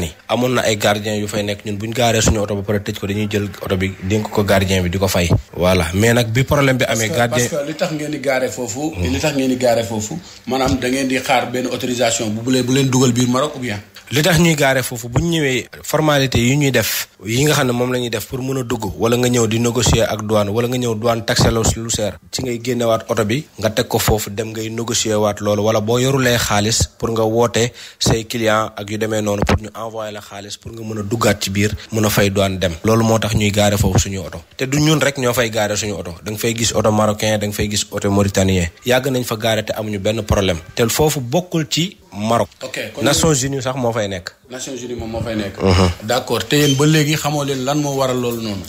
ni amoon na ay gardien yu fay nekk ñun bu ñu gaaree suñu oto ba pare tëj ko dañuy jël oto bi dénk ko gardien bi di ko fay voilà mais nag bi problème bi amee gardien parce li tax ngeen di gaare foofu hmm. li tax ngeen di gaare foofu maanaam da ngeen di xaar benn autorisation bu bu leen dugal biir Maroc ou bien li tax ñuy gaare foofu bu ñu ñëwee formalité yi ñuy def yi nga xam ne moom la ñuy def pour mën a dugg wala nga ñëw di négocier ak douane wala nga ñëw douane taxé la lu seer ci ngay génnewaat oto bi nga teg ko foofu dem ngay négocier waat loolu wala boo yorulee xaalis pour nga woote say ak yu demee noonu pour ñu envoyer la xaalis pour nga mën a duggaat biir mën a fay douane dem loolu moo tax ñuy gaare foofu suñu oto te du ñun rek ñoo fay gaare suñu oto da nga fay gis oto marocain danga fay gis oto mauritanien yàgg nañ fa gaare te amuñu benn problème te foofu bokkul ci Maroc. ok Nations Unies sax moo fay nekk. Nations Unies moo fay nekk. Mhm. d' accord te yéen ba léegi xamoo leen lan moo waral loolu noonu.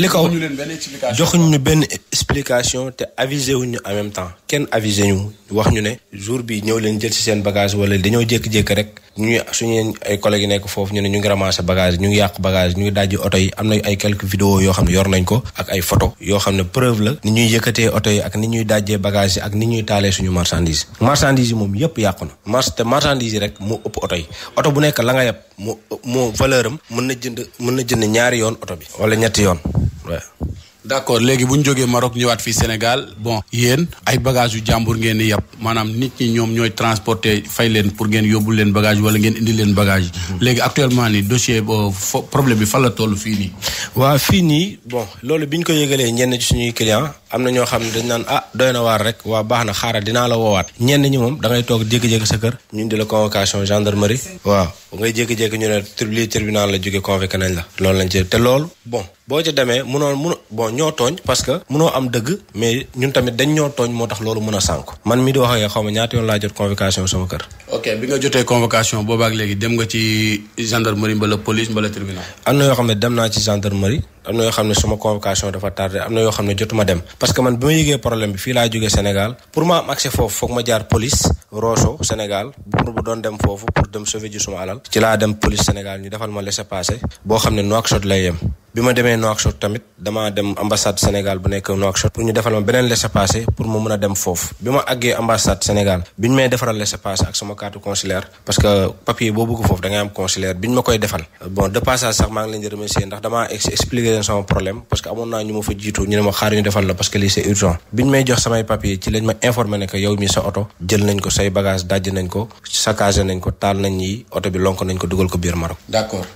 li ko joxuñu leen benn explication ñu benn explication te aviser wuñ ñu en même temps kenn avisé ñu wax ñu ne. jour bi ñëw leen jël si seen bagage wala dañoo jékki-jékki rek ñu suñu ay collègues yi nekk foofu ñu ne ñu ngi ramassé bagage ñu ngi yàq bagage ñu ngi dajji oto yi am na ay quelques vidéos yoo xam ne yor nañ ko ak ay photo yoo xam ne preuve la ni ñuy yëkkatee oto yi ak ni ñuy dajjee bagage ak ni ñuy taalee suñu marchandise marchandise yi yëpp yàqu na marchandise rek moo ëpp oto yi oto bu nekk la nga yeb mu moo valeur am mën na jënd mën na jënd ñaari yoon oto bi wala ñetti yoon waaw d'accord léegi bu ñu jógee Maroc ñëwaat fii Sénégal bon yéen ay bagage yu jàmbur ngeen di yàpp maanaam nit ñi ñoom ñooy transporter fay leen pour ngeen yóbbu leen bagage wala ngeen indi leen bagage hmm. léegi actuellement ni dossier problème bi fan la toll fii nii. waa fii nii bon loolu bi ñu ko yëgalee ñenn ci suñuy client am na ñoo xam ne dañ naan ah doy na waar rek waa baax na xaaral dinaa la woowaat ñenn ñi moom dangay toog jékki-jékki sa kër ñun di la convocation gendarmerie hmm. waaw ngay jékki-jékki ñu ne lii tribunal la jóge convoqué nañ la loolu lañ ci te loolu bon boo ci demee mënoo mënoo bon ñoo tooñ parce que mënoo am dëgg mais ñun tamit dañ ñoo tooñ moo tax loolu mën a sànku man mi di wax ak yow xaw ma ñaata yoon laa jot convocation sama kër ok bi nga jotee convocation boobaak léegi dem nga ci gendarmerie mbala police mbala tribunal am na yoo xam ne dem naa ci gendarmerie am na yoo xam ne suma convocation dafa tardé am na yoo xam ne jotuma dem parce que man bi ma yëgee problème bi fii laa jógee Sénégal pour ma am accès foofu foog ma jaar police Rosso bu doon dem foofu pour dem sauver ji alal ci laa dem police Sénégal ñu defal ma laissez-passer boo xam ne Nouakchott lay yem bi ma demee Nouakchott tamit damaa dem ambassade Sénégal bu nekk Nouakchott pour ñu defal ma beneen laissez-passer pour ma mën a dem foofu bi ma àggee ambassade Sénégal bi ñu may defaral laissez-passer ak parce que papier boo bëgg foofu da am consulaire bi ñu ma koy defal bon de parce que amoon naa ñu ma fa jiitu ñu ne ma xaar ñu defal la parce que lii c'est urgent bi ñu may jox samay papier ci lañ ma informé ne que yow mi sa oto jël nañ ko say bagage dajj nañ ko saccagé nañ ko taal nañ ñi oto bi lonk nañ ko dugal ko biir Maroc d'accord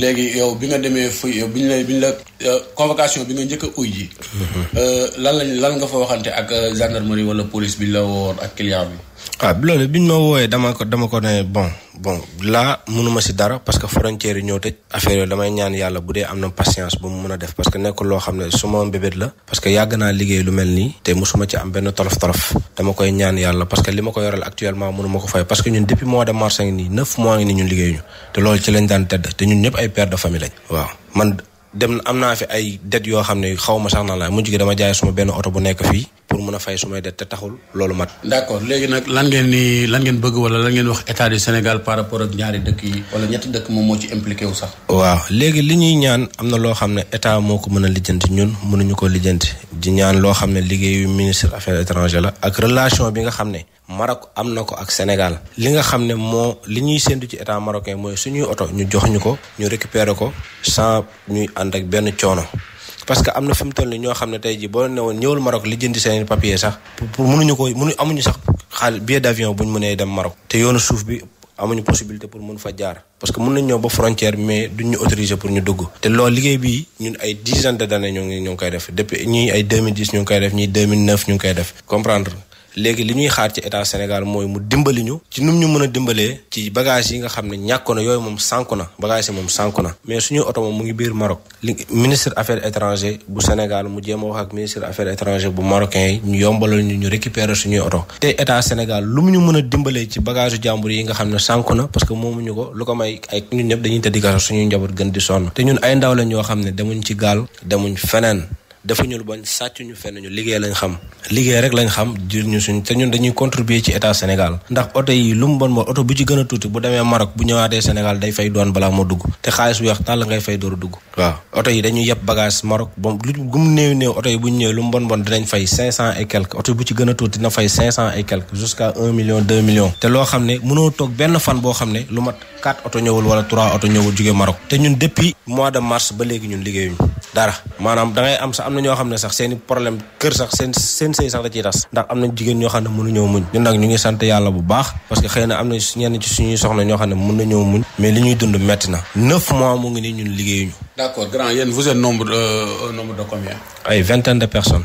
léegi yow bi nga demee fu yow bi ñu la bi ñu la euh, convocation bi nga njëkk a uy ji. Mhm. Euh, lan lañ lan nga fa waxante ak euh, gendarmerie wala police bi la woon ak client bi. ah loolu bi ñu wooyee dama ko dama ko ne bon bon là mënuma si dara parce que frontière yi ñoo tëj affaire yooyu damay ñaan yàlla bu dee am na patience bu mu mën a def parce ne suma mbébét naa liggéey lu mel nii te musuma ci am benn tolof tolof dama koy li ma ko yoral actuellement mënuma ko fay parce que ñun depuis mois de mars ngi nii neuf mois ay de fi ay det yoo xam ne xaw ma sax na laa mujj gi dama jaay suma benn oto bu nekk fii pour mën a fay sumay det te taxul loolu mat. d' accord léegi nag lan ngeen ni lan ngeen bëgg wala lan ngeen wax état du Sénégal par rapport ak ñaari dëkk yi wala ñetti dëkk moom moo ci impliqué wu sax. waaw léegi li ñuy ñaan am na loo xam ne état moo ko mën a lijjanti ñun mënuñu ko lijjanti di ñaan loo xam ne liggéeyu ministre affaires étrangères la ak relation bi nga xam ne. Maroc am na ko ak Sénégal li nga xam ne moo li ñuy séntu ci état marocain mooy suñuy oto ñu jox ko ñu récupérer ko sans ñuy ànd benn coono parce que am na fi toll nii ñoo xam ne tey jii boo ne woon ñëwul Maroc li jëndi seen papier sax pour mënuñu ko mënu amuñu sax xaalis billet d'avion bu ñu mënee dem Maroc te yoonu suuf bi amuñu possibilité pour mën fa jaar parce que mën na ñëw ba frontière mais duñ ñu autorisé pour ñu dugg te loolu liggéey bi ñun ay dizaine d'années ñoo ngi ñoo ngi koy def depuis ñii ay 2010 ñu ngi koy def ñii 2009 ñu ngi koy def comprendre léegi li ñuy xaar ci état Sénégal mooy mu dimbali ñu ci num ñu mën a dimbalee ci bagage yi xam ne ñàkk yooyu moom sànku na bagage moom sànku na mais suñu oto moom mu ngi biir Maroc li ministre affaires bu Sénégal mu jéem ak ministre affaires étrangères bu marocain yi ñu yombalal ñu ñu récupérer suñuy oto te Sénégal lu mu ñu mën a dimbalee ci bagage u yi nga xam ne sànku na parce que moomuñu ko lu ko may ay ñun ñëpp dañuy tëddi kaso suñuy njaboot gën di sonn te ñun ay ndaw lañ ñoo xam ne demuñ ci gaal demuñ feneen defuñu lu bon sàccuñu fenn ñu liggéey lañ xam liggéey rek lañ xam jur ñu suñ te ñun dañuy contribuer lu mu oto bu ci gën a tuuti bu demee Maroc bu ñëwaatee Sénégal day fay doon balaa moo dugg te xaalis bu weex tàll ngay fay door dugg waaw oto yi dañuy yeb bagage Maroc ba lu gum néew néew oto ñëwee lu mu bon dinañ fay cinq cent et quelque oto bu ci a tuuti dina fay cinq cent et quelque jusqu'à un million loo xam ne mënoo toog benn fan boo xam ne lu mat quatre oto ñëwul wala trois oto ñëwul jóge Maroc te ñun depuis mois de mars ba léegi ñun liggéeyuñu dara maanaam dangay am sa am na ñoo xam ne sax seen problème kër sax seen sëy sax da ciy tas ndax am na jigéen ñoo xam ne mënuñoo muñ ñun ñu ngi sant yàlla bu baax parce xëy na am na ñenn ci suñuy soxna ñoo xam ne mën nañoo muñ mais li ñuy dund metti na mois mu ngi ni ñun liggéeyuñu d'accord grand yéen vous êtes euh, de personnes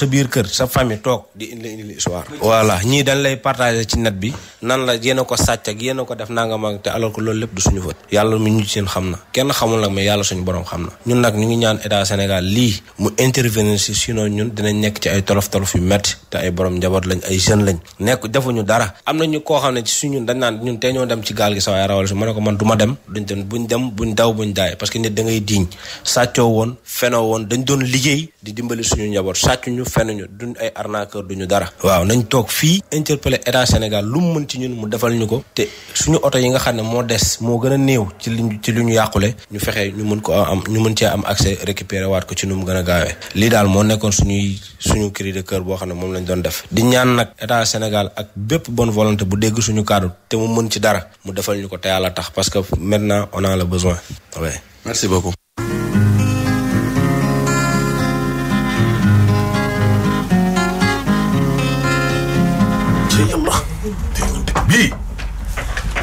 sa biir kër sa famille toog di indi indi histoire voilà ñii dañ lay partager ci net bi nan la yéen ko sàcc ak yéen ko def nangam ak te alors que loolu lépp du suñu vote yàlla mi ñu seen xam na kenn xamul nag mais yàlla suñu borom xam na ñun nag ñu ngi ñaan état sénégal lii mu intervenir si sinon ñun dinañ nekk ci ay tolof tolof yu metti te ay borom njaboot lañ ay jeune lañ nekk defuñu dara am na ñu koo xam ne ci suñu dañ naan ñun tey ñoo dem ci gaal gi sa waay rawal su ma ne ko man duma dem duñ dem buñ dem buñ daw buñ daay parce que nit da ngay diñ sàccoo woon fenoo woon dañ doon liggéey di dimbali suñu njaboot ñu fenuñu duñ ay arnaqueur duñu dara waaw nañ toog fii interpeller état Sénégal lu mu mën ci ñun mu defal ñu ko te suñu oto yi nga xam ne moo des moo gën a néew ci liñ ci li ñu yàqule ñu fexe ñu mën ko am ñu mën cee am accès récupérer waat ko ci nu mu gën a gaawee lii daal moo nekkoon suñuy suñu cri boo xam ne moom lañ doon def di ñaan nag état Sénégal ak bépp bon volonté bu dégg suñu kàddu te mu mën ci dara mu defal ñu ko te yàlla tax parce que maintenant on a la besoin oui merci beaucoup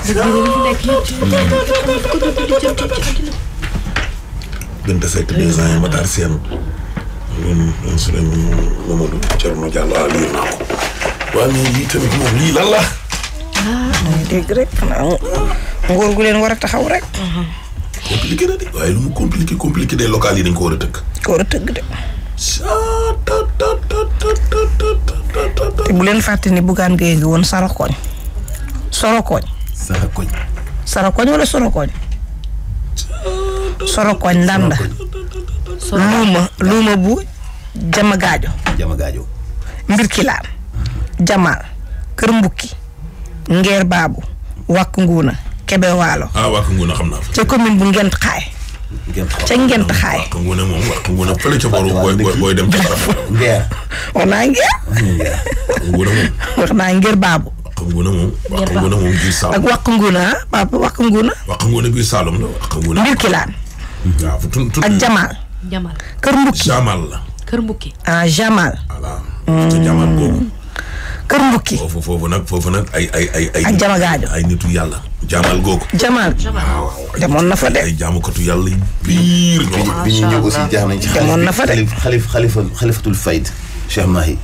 jigéen ñi fi nekk yëpp ci ko dugg di jëm ci àddina gënta sekk deux ans matar ah tamit moom lii lan la ah dégg rek nguur gu leen war taxaw rek compliqué na de waaye lu mu compliqué compliqué des yi dañ ko ko de bu sarakoñ. sarakoñ wala sorokoñ. sorokoñ ndam luuma luuma bu jama gaajo. jama gaajo. mbir kilaan. kër mbukki. ngeer baabu. wàkk nguuna. kebe waalo. ah xam ca commune bu ngent xaay. ca ngent xaay. wàkk nguuna moom wax naa ngeer baabu. wàq nguuna moom. wàq nguuna moom biir Saalum ak wàq nguuna ah papa wàq nguuna. wàq nguuna biir Saalum la wàq nguuna. mbir kilaan. waaw tun tun ak Jamal. Jamal Kër Mbukki Jamal la. Kër Mbukki ah Jamal. voilà te Jamal boobu. Kër Mbukki foofu foofu nag foofu nag ay ay ay ay. ak jama gaajo ay nitu yàlla. jamaal googu. jamaal waaw demoon na fa de. ay jaamukatu yàlla yi biir. bi ñu ñëw aussi jaax nañ ci. demoon na fa de xalif xalifatul fayd Cheikh Mahi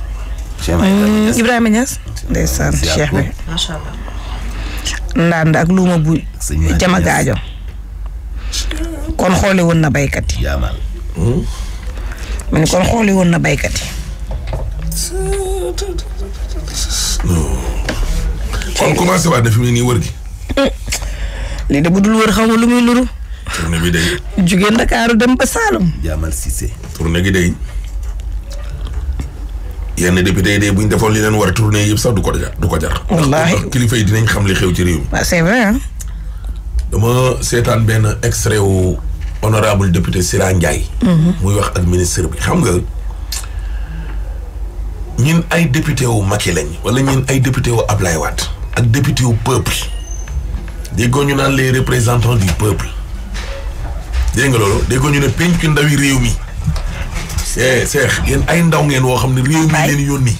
Cheikh euh, Ibrahima Niass. ndeysaan Cheikh bi macha allah. ndaand luuma bu. jama gaajo kon xoole woon na baykat yi. Hmm? ma ne kon xoole woon na baykat yi. Hmm. kon commencé waat na mu ne wër gi. Hmm. lii de bu dul wër xaw ma lu muy luru. tournée bi day. jugee Ndakaaru dem ba Saalum. jaamal yenn député de bu ñu defoon li leen war a tourné yëpp sax du ko jar du ko jar. wallaahi kilifa yi dinañ xam li xew ci réew mi. waaw dama seetaan benn extrait wu honorable député Sira Ndiaye. Mhm. muy wax ak ministre bi xam nga. ñun ay député wu Macky lañ wala ñun ay député wu Ablaye Wade ak député wu peuple. déggoo ñu naan les représentants du peuple. dégg nga loolu déggoo ñu ne penku ndawi réew mi. see eh, seex yéen ay ndaw ngeen woo xam ne réew mi leen yónni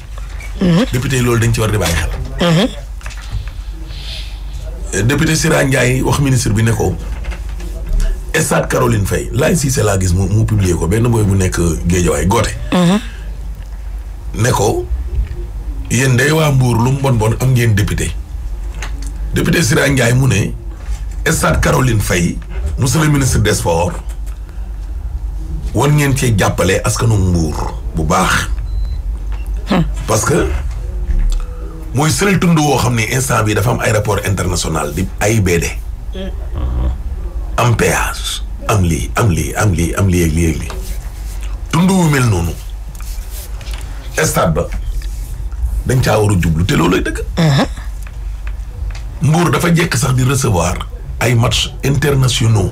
mhm. député loolu dañ ci war di bàyyi xel mhm. eh, député Sira Ndiaye wax ministre bi ne ko Stade Caroline Faye laay Cissé laa gis mu mu publier ko benn booy bu nekk Géejawaay goote mhm. ne ko yéen day waa Mbour lu mu bon bon am ngeen député député Sira Ndiaye mu ne Stade Caroline Faye monsieur le ministre des sports war ngeen cee jàppale askanu mbuur bu baax. Hmm. parce que mooy seul tund woo xam ne instant bi dafa am aéroport international di ay am péage am lii am lii am lii am lii ak lii ak lii tund wu mel noonu stade ba dañ caa war jublu te loolooy dëgg. Hmm. mbuur dafa jekk sax di recevoir ay match internationaux.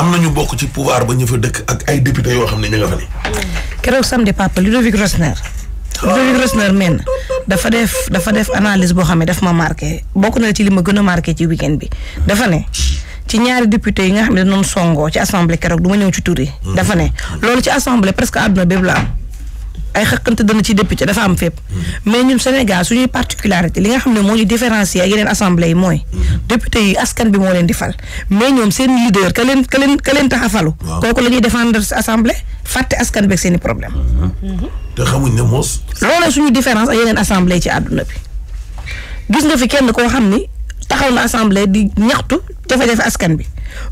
am ñu bokk ci pouvoir ba ñu fa dëkk ak ay député yoo xam ne ñu nga fa ni keroog samedi papa Ludovic Rosner Ludovic Rosner men dafa def dafa def analyse boo xam ne daf ma marqué bokk na ci li ma gën a marqué ci weekend bi dafa ne ci ñaari député yi nga xam ne dañu songoo ci assemblée keroog du ma ñëw ci tur yi hmm. dafa ne loolu ci assemblée presque àdduna bépp am ay xëqante dana ci député dafa am fépp mais ñun Sénégal suñuy particularité li nga xam ne moo ñu différencier ak yeneen assemblée yi mooy député yi askan bi moo leen di fal mais ñoom seen leader ka leen ka leen ka leen tax a falu kooku la fàtte askan bi ak seen i problème moo mm-hmm. xamuñ su ñu loolu différence ak yeneen assemblée ci àdduna bi gis nga fi kenn koo xam ni taxaw na assemblée di ñaxtu jafe-jafe askan bi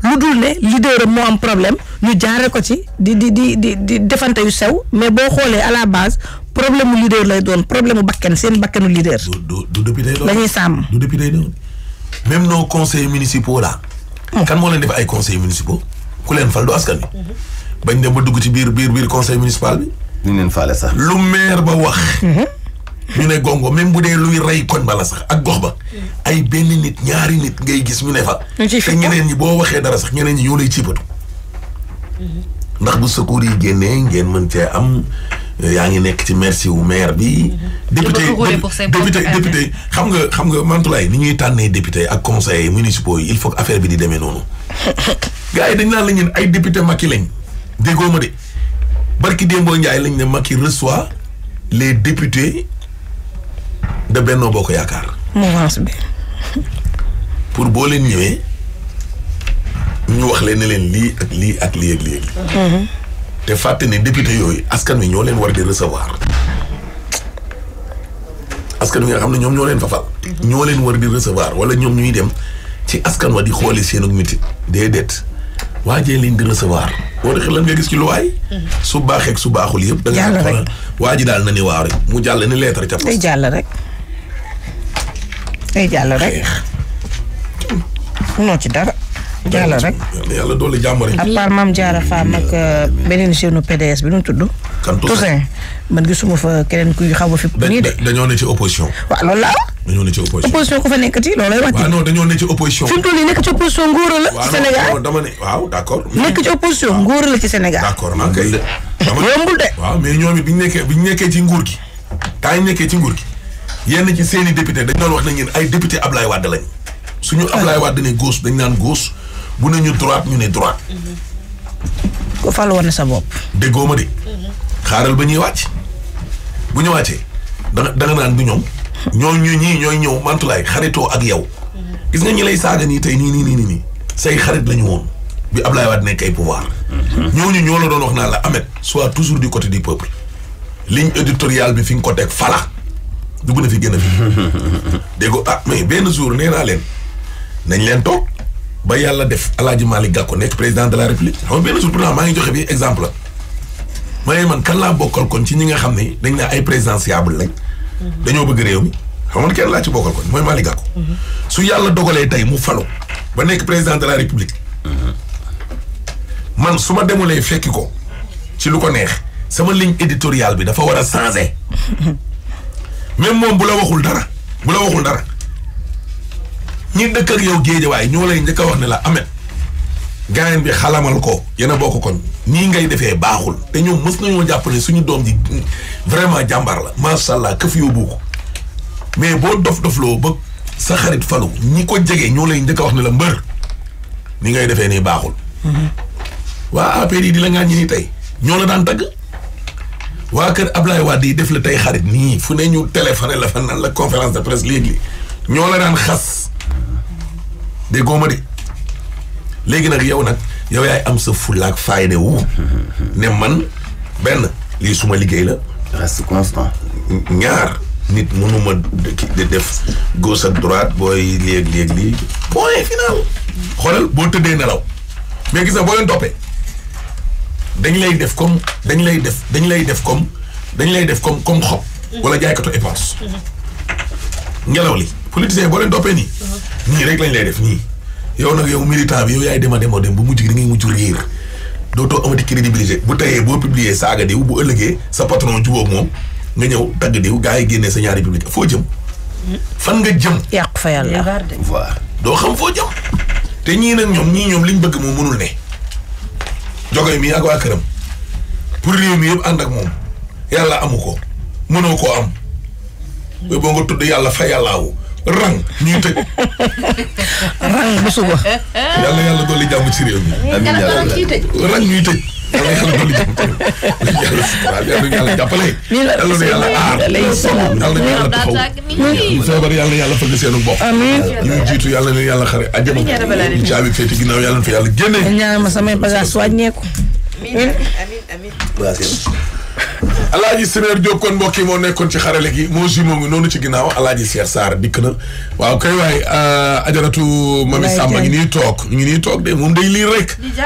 lu dul ne leader mo am problème ñu jaare ko ci di di di di di defante yu sew mais bo xolé à la base problème mu leader lay doon problème bakken seen bakkenu leader. du du du la ñuy sàmm. du depuis day doon même nos conseils municipaux là. Mmh. kan mo leen def ay conseils municipaux ku leen fal do askan bañ dem ba dugg ci bir bir bir conseil municipal bi. ñu leen falé sax lu maire ba wax. Mmh. ñu ne gongo même bu dee luy rey koñ ba la sax ak gox ba. ay benn nit ñaari nit ngay gis ñu ne fa. te ñeneen ñi boo waxee dara sax ñeneen ñi ñoo lay ciipatu. Mhm. ndax bu secours yi génnee ngeen mën cee am yaa ngi nekk ci merci wu maire bi. Mhm. député député député xam nga xam nga Mantoulaye ni ñuy tànnee député ak conseillers municipaux yi il faut que affaire bi di demee noonu. <laughs> gars yi dañ naan la ñun ay député Macky lañ déggoo ma de barki Dembo Ndiaye lañ ne Macky reçoit les députés. de Benno Bokk Yaakaar. mouvance bi. pour boo leen ñëwee ñu wax leen ne leen lii ak lii ak lii ak lii. Mhm. te fàtte ne député yooyu askan wi ñoo leen war di recevoir askan wi nga xam ne ñoom ñoo leen fa war di recevoir wala ñoom ñuy dem ci askan wa di xooli seen ak mitit déedéet waajee leen di recevoir. boo dee lan nga gis ci luwaay. Mhm. su baaxee ak su baaxul yëpp. da nga xoolal waa daal na ni waaw rek mu jàll ni lettre ca poste. day jàll day jàll rek. xeex. ci dara. jàll rek yàlla doole jàmm a à part maam Diarra Fam ak euh, beneen jeune PDS bi nu mu tudd. kan Toussaint man gisuma fa keneen kuy xaw a fi. nii de dañoo ne ci opposition. waaw loolu la dañoo ne ci opposition opposition ku fa nekkati loolu lay wax. waaw non dañoo ne ci opposition. fi la. ci Sénégal dama ne waaw d' accord. nekk ci opposition ngóor la ci Sénégal. d' accord man kay. yombul de. waaw mais ñoom bi ñu nekkee bi ñu nekkee ci nguur gi. temps nekkee ci nguur gi. yenn ci seen i député dañ doon wax nañ ñeen ay député Ablaye Wade lañ suñu Ablaye Wade ne gauche dañu naan gauche bu ne ñu droite ñu ne droite mm-hmm. ku fal ne sa bopp déggoo ma de mm-hmm. xaaral ba ñuy wàcc bu ñu wàccee danga danga naan du ñoom ñoo ñu ñii ñooy ñëw mantulaay xaritoo ak yow mm-hmm. gis nga ñi lay saaga nii tey nii nii say xarit la ñu woon bi Ablaye Wade nekk ay pouvoir ñooñu ñoo la doon wax naa la Ahmed soit toujours du côté du peuple ligne éditoriale bi fi nga ko teg fala dugg na fi gën a fi. dégg ko ah mais benn jour nee naa leen nañ leen toog ba yàlla def El maali Malick Gakou nekk président de la république xam nga benn jour pourtant maa ngi joxe bi exemple la maye man kan laa bokkal kon ci ñi nga xam ne dañ naa ay président présidentiable lañ. dañoo bëgg réew mi xam nga kenn laa ci bokkal kon mooy Malick Gakou. su yàlla dogalee tey mu falo ba nekk président de la république. man su ma demulee fekki ko ci lu ko neex sama ligne éditoriale bi dafa war a changer. même mom bu la waxul dara bu la waxul dara ñi dëkk ak yow géej way ñoo lay ñëk wax ne la amet gaayen bi xalamal ko yena boko kon ni ngay defé baxul té ñoom mëss nañu jàpp suñu doom ji vraiment jambar la sha allah ko mais bo dof lo ba sa xarit falu ñi ko jégué ñoo lay ñëk wax ne la mbeur ni ngay defé ni baxul mhm. wa apéri di la ni ñoo la daan tagg. waa kër Ablaye Wade yi def la tey xarit nii fu ne ñu téléphoné la fa naan la conférence de presse léegi ñoo la daan xas de góoma de léegi nag yow nag yow yaay am sa fulaak fayde wu ne man benn lii suma liggéey la. ñaar nit mënuma di def gauche ak droite booy léeg-léeg lii point final. xoolal boo tëddee nelaw mais gis nga boo leen toppee. dañ lay def comme dañ lay def dañ lay def comme dañ lay def comme comme xob. wala jaaykatu éponse. ngelaw li politiciens boo leen doppee nii. Uh-huh. nii rek lañ lay def nii. yow nag yow militant bi yow yaay dema dema dem bu mujj gi da ngay mujj réer dootoo amati crédibilité bu tayee boo publier saaga diw bu ëllëgee sa patron jubóog moom nga ñëw tagg diw gars yi génnee sa ñaari public foo jëm. Hmm? fan nga jëm. yàqu fa yàlla doo xam foo jëm. te ñii nag ñoom ñii ñoom liñ bëgg moom mënul ne. jogoy mii ak waa këram pour réew mi yëpp ànd ak moom yàlla amu ko mënoo ko am booy boo nga tudd yàlla fa yàllaawu rang ñuy tëj rang bu suba yàlla yàlla dolli jàmm ci réew mi amiin yàlla rang ñuy tëj yàlla na yàlla jàppale. yàlla na yàlla aar. yàlla na yàlla taxaw. feebar yàlla yàlla ñu jiitu yàlla na yàlla xare àjjana. ñu caabi féete ginnaaw yàlla na fa yàlla samay bagage wàññeeku. amiin alaaji Sénéer Diop kon mbokk yi moo nekkoon ci xarale gi moo ji moom noonu ci ginnaaw alaaji Seer Sarr dikk na waaw kay waay euh, ajaratu mami Samba ngi nii toog ngi nii toog de moom day lii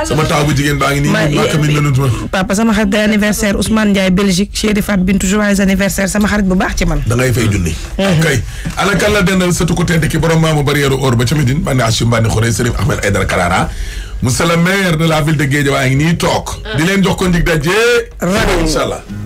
sama taaw bu jigéen baa ngi nii màkk mi eh, mënut papa sama xarit day anniversaire Ousmane Ndiaye Belgique chéri Fat Bintou joyeux anniversaire sama xarit bu baax ci man da ngay junni mm-hmm. kay ana kan la dendal sëtu ko ki borom maamu barrière or ba ca Médine bandi Achim bandi Xorey monsieur le maire de la ville de Guédiawaye ngi nii toog. Ah. di leen jox ko ndig daje. rajo incha allah.